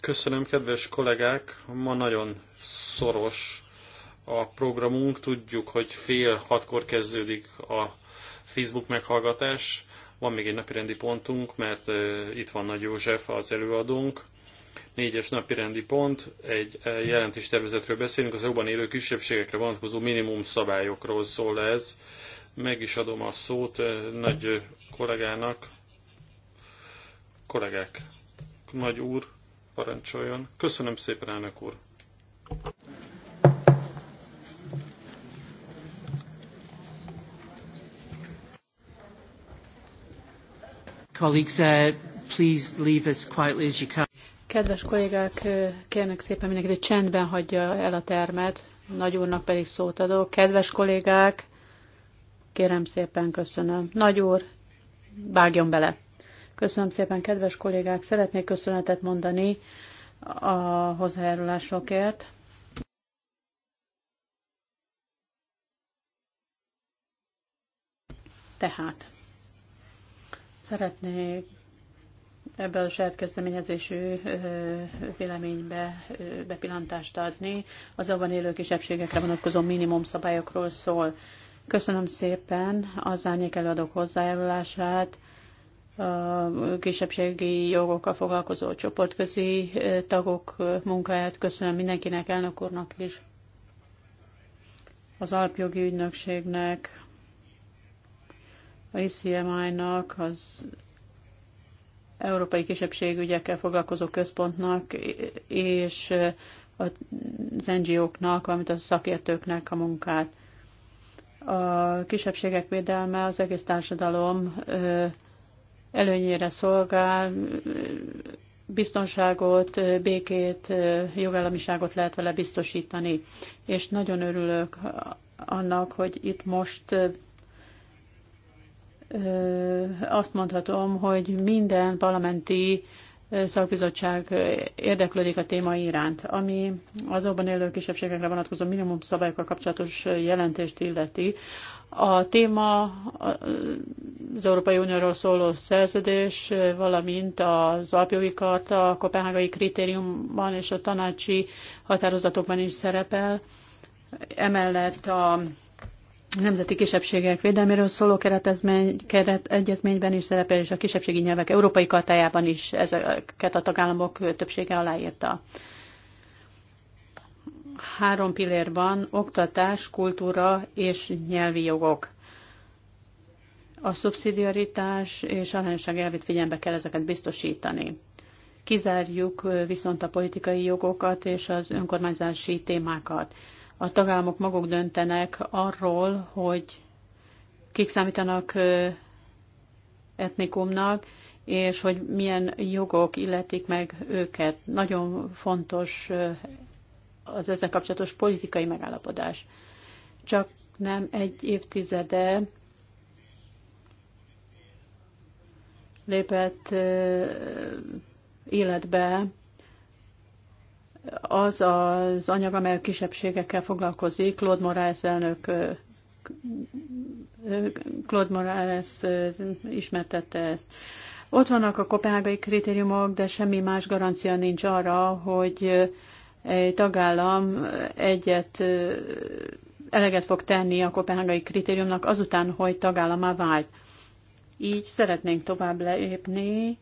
Köszönöm, kedves kollégák! Ma nagyon szoros a programunk. Tudjuk, hogy fél hatkor kezdődik a Facebook meghallgatás. Van még egy napirendi pontunk, mert uh, itt van Nagy József, az előadónk. Négyes napirendi pont, egy uh, tervezetről beszélünk, az EU-ban élő kisebbségekre vonatkozó minimum szabályokról szól ez. Meg is adom a szót uh, nagy kollégának, Kollégák, nagy úr, parancsoljon. Köszönöm szépen, elnök úr. Colleagues, uh, please leave as quietly as you can. Kedves kollégák, uh, kérnek szépen mindenkit, hogy csendben hagyja el a termet. Nagy úrnak pedig szót adok. Kedves kollégák, kérem szépen, köszönöm. Nagy úr, vágjon bele! Köszönöm szépen, kedves kollégák! Szeretnék köszönetet mondani a hozzájárulásokért. Tehát szeretnék ebből a saját kezdeményezésű véleménybe bepillantást adni. Az abban élő kisebbségekre vonatkozó minimum szabályokról szól. Köszönöm szépen az árnyék előadók hozzájárulását, a kisebbségi jogokkal foglalkozó csoportközi tagok munkáját. Köszönöm mindenkinek, elnök úrnak is, az alapjogi ügynökségnek, a ICMI-nak, az Európai Kisebbségügyekkel foglalkozó központnak és az NGO-knak, valamint a szakértőknek a munkát. A kisebbségek védelme az egész társadalom előnyére szolgál, biztonságot, békét, jogállamiságot lehet vele biztosítani. És nagyon örülök annak, hogy itt most azt mondhatom, hogy minden parlamenti szakbizottság érdeklődik a téma iránt. Ami azokban élő kisebbségekre vonatkozó minimum szabályokkal kapcsolatos jelentést illeti, a téma az Európai Unióról szóló szerződés, valamint az alapjogi karta a kopenhágai kritériumban és a tanácsi határozatokban is szerepel. Emellett a nemzeti kisebbségek védelméről szóló keretegyezményben is szerepel, és a kisebbségi nyelvek európai kartájában is ezeket a tagállamok többsége aláírta. Három pillérban oktatás, kultúra és nyelvi jogok. A szubszidiaritás és arányosság elvét figyelembe kell ezeket biztosítani. Kizárjuk viszont a politikai jogokat és az önkormányzási témákat a tagállamok maguk döntenek arról, hogy kik számítanak etnikumnak, és hogy milyen jogok illetik meg őket. Nagyon fontos az ezzel kapcsolatos politikai megállapodás. Csak nem egy évtizede lépett életbe az az anyag, amely a kisebbségekkel foglalkozik, Claude Moraes elnök Claude Moraes ismertette ezt. Ott vannak a kopenhágai kritériumok, de semmi más garancia nincs arra, hogy egy tagállam egyet eleget fog tenni a kopenhágai kritériumnak azután, hogy tagállama vált. Így szeretnénk tovább lépni,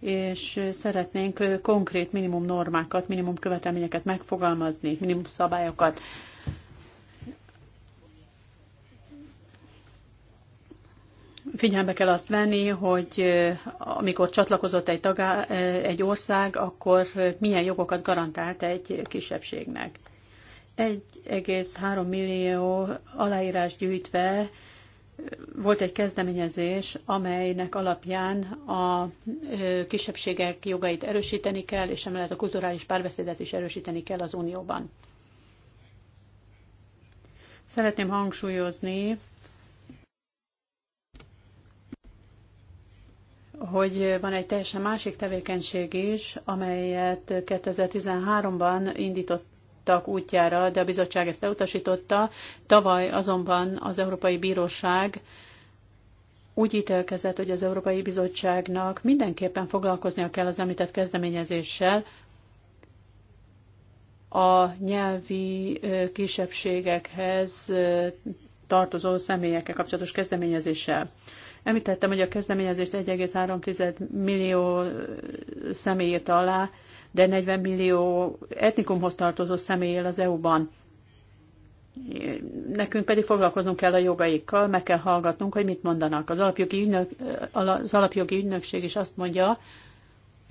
és szeretnénk konkrét minimum normákat, minimum követelményeket megfogalmazni, minimum szabályokat. Figyelme kell azt venni, hogy eh, amikor csatlakozott egy, tagá, eh, egy ország, akkor milyen jogokat garantált egy kisebbségnek. 1,3 millió aláírás gyűjtve volt egy kezdeményezés, amelynek alapján a kisebbségek jogait erősíteni kell, és emellett a kulturális párbeszédet is erősíteni kell az Unióban. Szeretném hangsúlyozni, hogy van egy teljesen másik tevékenység is, amelyet 2013-ban indított állítottak útjára, de a bizottság ezt elutasította. Tavaly azonban az Európai Bíróság úgy ítélkezett, hogy az Európai Bizottságnak mindenképpen foglalkoznia kell az említett kezdeményezéssel, a nyelvi kisebbségekhez tartozó személyekkel kapcsolatos kezdeményezéssel. Említettem, hogy a kezdeményezést 1,3 millió személy írta alá, de 40 millió etnikumhoz tartozó személy él az EU-ban. Nekünk pedig foglalkoznunk kell a jogaikkal, meg kell hallgatnunk, hogy mit mondanak. Az alapjogi, ügynök, az alapjogi ügynökség is azt mondja,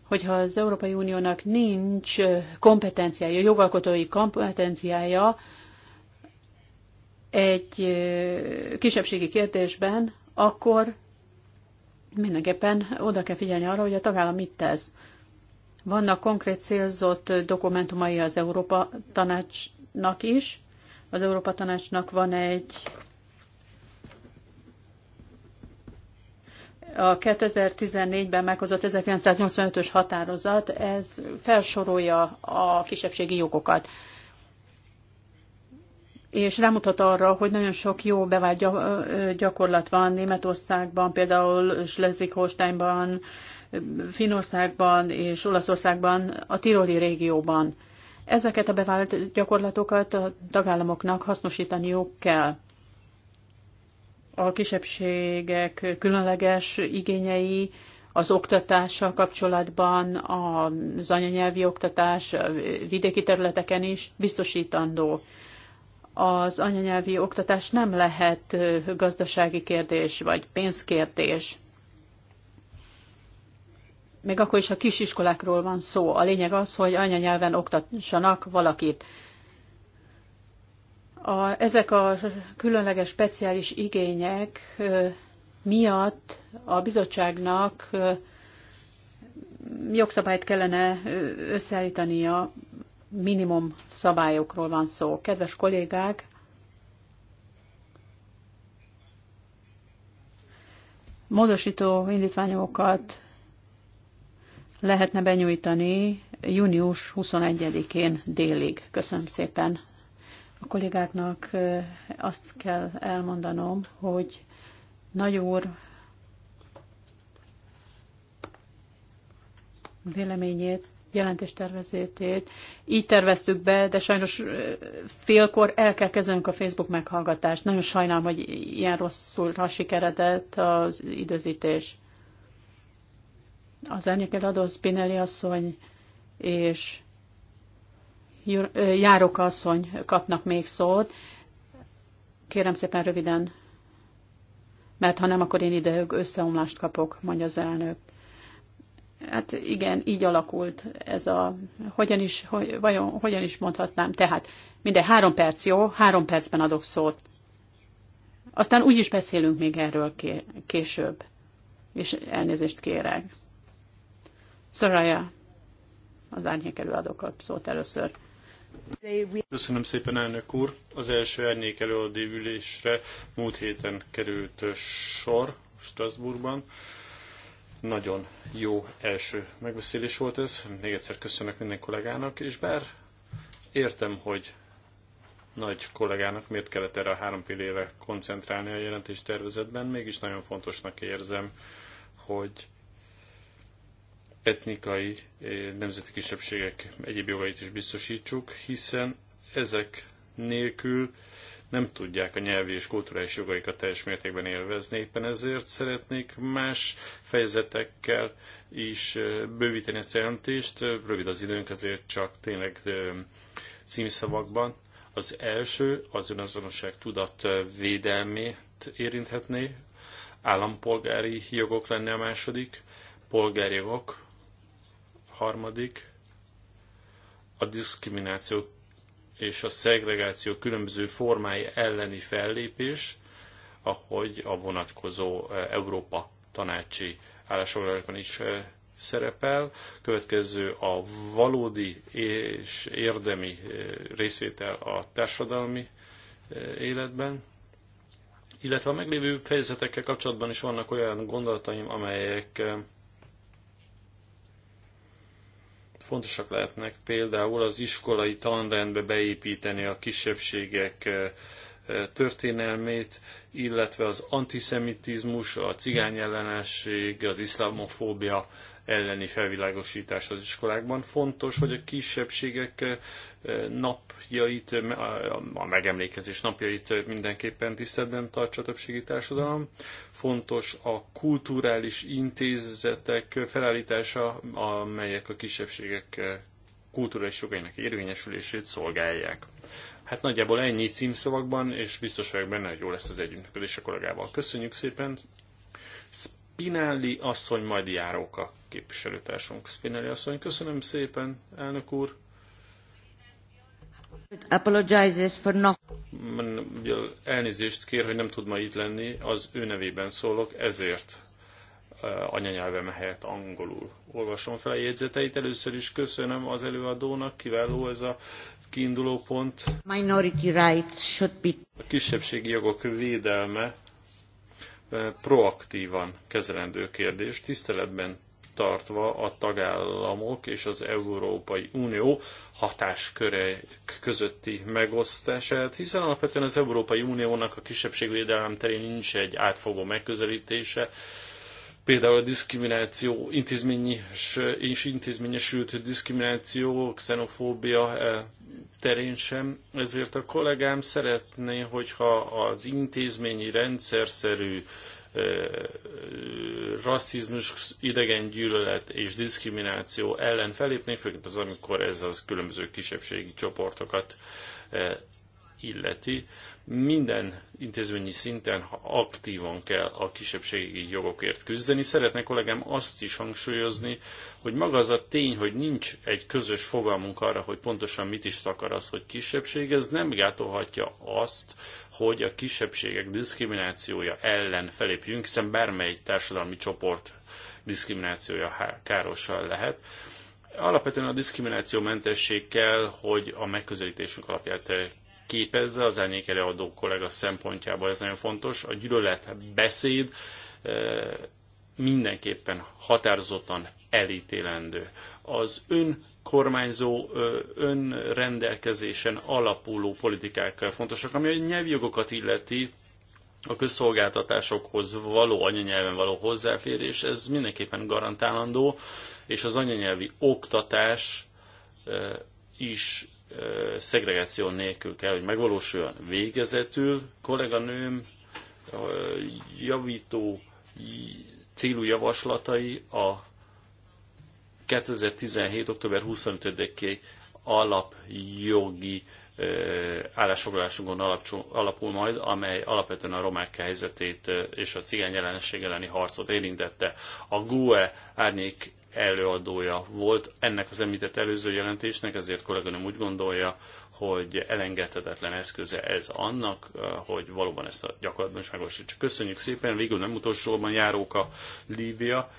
hogyha az Európai Uniónak nincs kompetenciája, jogalkotói kompetenciája egy kisebbségi kérdésben, akkor mindenképpen oda kell figyelni arra, hogy a tagállam mit tesz. Vannak konkrét célzott dokumentumai az Európa Tanácsnak is. Az Európa Tanácsnak van egy a 2014-ben meghozott 1985-ös határozat, ez felsorolja a kisebbségi jogokat. És rámutat arra, hogy nagyon sok jó bevált gyakorlat van Németországban, például Schleswig-Holsteinban, Finországban és Olaszországban, a Tiroli régióban. Ezeket a bevált gyakorlatokat a tagállamoknak hasznosítaniuk kell. A kisebbségek különleges igényei, az oktatással kapcsolatban, az anyanyelvi oktatás vidéki területeken is biztosítandó. Az anyanyelvi oktatás nem lehet gazdasági kérdés vagy pénzkérdés még akkor is a kisiskolákról van szó. A lényeg az, hogy anyanyelven oktassanak valakit. A, ezek a különleges speciális igények miatt a bizottságnak jogszabályt kellene összeállítania, minimum szabályokról van szó. Kedves kollégák, módosító indítványokat lehetne benyújtani június 21-én délig. Köszönöm szépen. A kollégáknak azt kell elmondanom, hogy nagy úr véleményét, jelentéstervezetét így terveztük be, de sajnos félkor el kell kezdenünk a Facebook meghallgatást. Nagyon sajnálom, hogy ilyen rosszul sikeredett az időzítés az elnyökel adó Spinelli asszony és Járóka asszony kapnak még szót. Kérem szépen röviden, mert ha nem, akkor én ide összeomlást kapok, mondja az elnök. Hát igen, így alakult ez a, hogyan is, hogy, vajon, hogyan is mondhatnám. Tehát minden három perc, jó? Három percben adok szót. Aztán úgy is beszélünk még erről később, és elnézést kérek. Soraya, az árnyék előadó a szót először. Köszönöm szépen, elnök úr! Az első árnyék előadó ülésre múlt héten került sor Strasbourgban. Nagyon jó első megbeszélés volt ez. Még egyszer köszönök minden kollégának, és bár értem, hogy nagy kollégának miért kellett erre a három pillére koncentrálni a jelentés tervezetben, mégis nagyon fontosnak érzem, hogy etnikai, eh, nemzeti kisebbségek egyéb jogait is biztosítsuk, hiszen ezek nélkül nem tudják a nyelvi és kulturális jogaikat teljes mértékben élvezni. Éppen ezért szeretnék más fejezetekkel is eh, bővíteni ezt a jelentést. Rövid az időnk, ezért csak tényleg eh, címszavakban. Az első az önazonosság tudat védelmét érinthetné, állampolgári jogok lenne a második, polgárjogok, harmadik a diszkrimináció és a szegregáció különböző formái elleni fellépés, ahogy a vonatkozó eh, Európa tanácsi állásfoglalásban is eh, szerepel. Következő a valódi és érdemi eh, részvétel a társadalmi életben. Illetve a meglévő fejezetekkel kapcsolatban is vannak olyan gondolataim, amelyek Fontosak lehetnek például az iskolai tanrendbe beépíteni a kisebbségek eh, történelmét, illetve az antiszemitizmus, a cigányellenesség, az iszlamofóbia elleni felvilágosítás az iskolákban. Fontos, hogy a kisebbségek napjait, a megemlékezés napjait mindenképpen tiszteletben tartsa a többségi társadalom. Fontos a kulturális intézetek felállítása, amelyek a kisebbségek kulturális jogainak érvényesülését szolgálják. Hát nagyjából ennyi címszavakban, és biztos vagyok benne, hogy jó lesz az együttműködés a kollégával. Köszönjük szépen! Spinelli asszony, majd járóka képviselőtársunk. Spinelli asszony, köszönöm szépen, elnök úr! Apologizes for not... Elnézést kér, hogy nem tud ma itt lenni, az ő nevében szólok, ezért anyanyelvem helyett angolul olvasom fel a jegyzeteit. Először is köszönöm az előadónak, kiváló ez a kiinduló pont. Minority rights should be... A kisebbségi jogok védelme eh, proaktívan kezelendő kérdés, tiszteletben tartva a tagállamok és az Európai Unió hatásköre közötti megosztását, hiszen alapvetően az Európai Uniónak a kisebbségvédelem terén nincs egy átfogó megközelítése, például a diszkrimináció, intézményes és intézményesült diszkrimináció, xenofóbia eh, terén sem. Ezért a kollégám szeretné, hogyha az intézményi rendszerszerű eh, rasszizmus, gyűlölet és diszkrimináció ellen felépni, főként az, amikor ez az különböző kisebbségi csoportokat eh, illeti, minden intézményi szinten aktívan kell a kisebbségi jogokért küzdeni. Szeretne kollégám azt is hangsúlyozni, hogy maga az a tény, hogy nincs egy közös fogalmunk arra, hogy pontosan mit is akar az, hogy kisebbség, ez nem gátolhatja azt, hogy a kisebbségek diszkriminációja ellen felépjünk, hiszen bármely társadalmi csoport diszkriminációja károsan lehet alapvetően a diszkriminációmentesség kell, hogy a megközelítésünk alapját képezze az árnyék előadó kollega szempontjából. Ez nagyon fontos. A gyűlölet beszéd e, mindenképpen határozottan elítélendő. Az ön kormányzó önrendelkezésen alapuló politikák fontosak, ami a nyelvjogokat illeti, a közszolgáltatásokhoz való anyanyelven való hozzáférés, ez mindenképpen garantálandó, és az anyanyelvi oktatás is szegregáció nélkül kell, hogy megvalósuljon. Végezetül kolléganőm javító célú javaslatai a 2017. október 25-i alapjogi állásfoglalásunkon alapul majd, amely alapvetően a romák helyzetét és a cigány jelenség elleni harcot érintette. A GUE árnyék előadója volt ennek az említett előző jelentésnek, ezért kolléganőm úgy gondolja, hogy elengedhetetlen eszköze ez annak, eh, hogy valóban ezt a gyakorlatban is megvalósítsa. Köszönjük szépen, végül nem utolsóban járóka Lívia.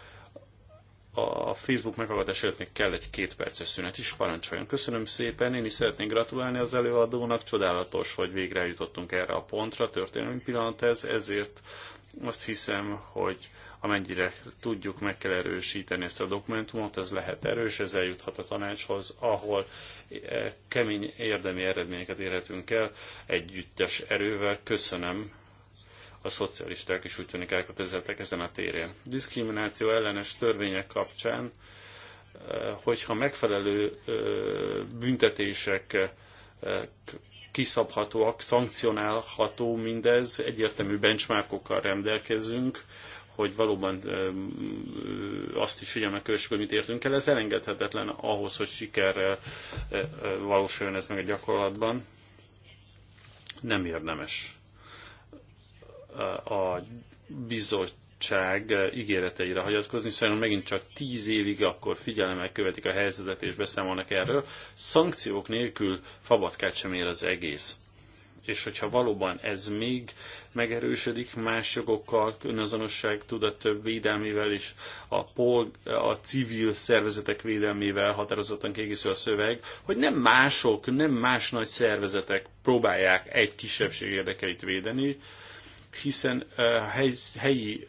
A Facebook meghallgatás előtt még kell egy két perces szünet is, parancsoljon. Köszönöm szépen, én is szeretnék gratulálni az előadónak, csodálatos, hogy végre jutottunk erre a pontra, történelmi pillanat ez, ezért azt hiszem, hogy amennyire tudjuk, meg kell erősíteni ezt a dokumentumot, ez lehet erős, ez eljuthat a tanácshoz, ahol eh, kemény érdemi eredményeket érhetünk el együttes erővel. Köszönöm a szocialisták is úgy tűnik elkötelezettek ezen a téren. Diszkrimináció ellenes törvények kapcsán, eh, hogyha megfelelő eh, büntetések kiszabhatóak, szankcionálható mindez, egyértelmű benchmarkokkal rendelkezünk, hogy valóban azt is figyelme kövessük, hogy mit értünk el. Ez elengedhetetlen ahhoz, hogy sikerrel valósuljon ez meg a gyakorlatban. Nem érdemes a bizottság ígéreteire hagyatkozni, szóval megint csak tíz évig akkor figyelemmel követik a helyzetet és beszámolnak erről. Szankciók nélkül fabatkát sem ér az egész és hogyha valóban ez még megerősödik más jogokkal, önazonosság tudat védelmével és a, polg, a civil szervezetek védelmével határozottan kiegészül a szöveg, hogy nem mások, nem más nagy szervezetek próbálják egy kisebbség érdekeit védeni, hiszen hely, helyi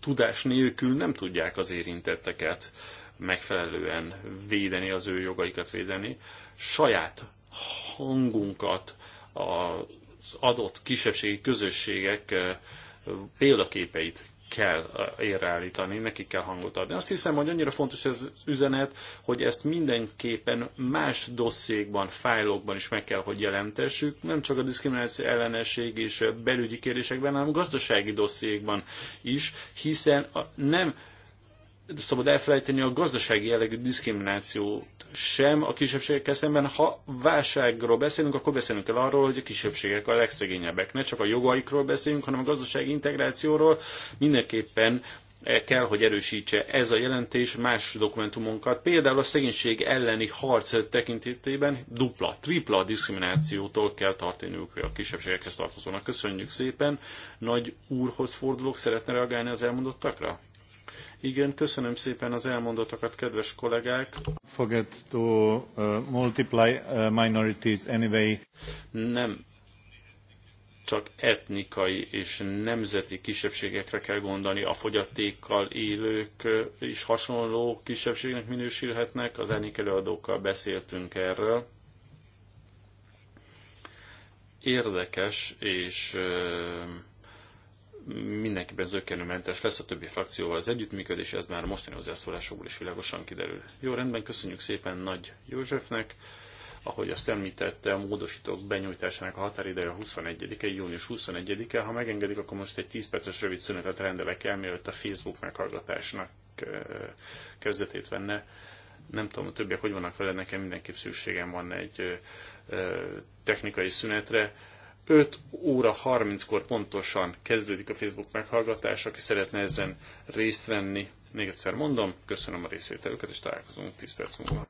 tudás nélkül nem tudják az érintetteket megfelelően védeni, az ő jogaikat védeni. Saját hangunkat, az adott kisebbségi közösségek eh, példaképeit kell eh, érreállítani, nekik kell hangot adni. Azt hiszem, hogy annyira fontos ez az üzenet, hogy ezt mindenképpen más dosszékban, fájlokban is meg kell, hogy jelentessük, nem csak a diszkrimináció ellenesség és eh, belügyi kérdésekben, hanem a gazdasági dosszékban is, hiszen nem szabad elfelejteni a gazdasági jellegű diszkriminációt sem a kisebbségekkel szemben. Ha válságról beszélünk, akkor beszélünk el arról, hogy a kisebbségek a legszegényebbek. Ne csak a jogaikról beszélünk, hanem a gazdasági integrációról mindenképpen kell, hogy erősítse ez a jelentés más dokumentumunkat, például a szegénység elleni harc tekintetében dupla, tripla diszkriminációtól kell tartaniuk a kisebbségekhez tartozónak. Köszönjük szépen. Nagy úrhoz fordulok, szeretne reagálni az elmondottakra? Igen, köszönöm szépen az elmondottakat, kedves kollégák. Forget to uh, multiply uh, minorities anyway. Nem csak etnikai és nemzeti kisebbségekre kell gondolni. A fogyatékkal élők uh, is hasonló kisebbségnek minősülhetnek. Az árnyék előadókkal beszéltünk erről. Érdekes és uh, mindenkiben zökkenőmentes lesz a többi frakcióval az együttműködés, ez már a mostani hozzászólásokból is világosan kiderül. Jó, rendben, köszönjük szépen Nagy Józsefnek. Ahogy azt említette, a módosítók benyújtásának a határideje a 21-e, június 21-e. Ha megengedik, akkor most egy 10 perces rövid szünetet rendelek el, mielőtt a Facebook meghallgatásnak kezdetét venne. Nem tudom, a többiek hogy vannak vele, nekem mindenképp szükségem van egy technikai szünetre 5 óra 30-kor pontosan kezdődik a Facebook meghallgatás, aki szeretne ezen részt venni. Még egyszer mondom, köszönöm a részvételüket, és találkozunk 10 perc múlva.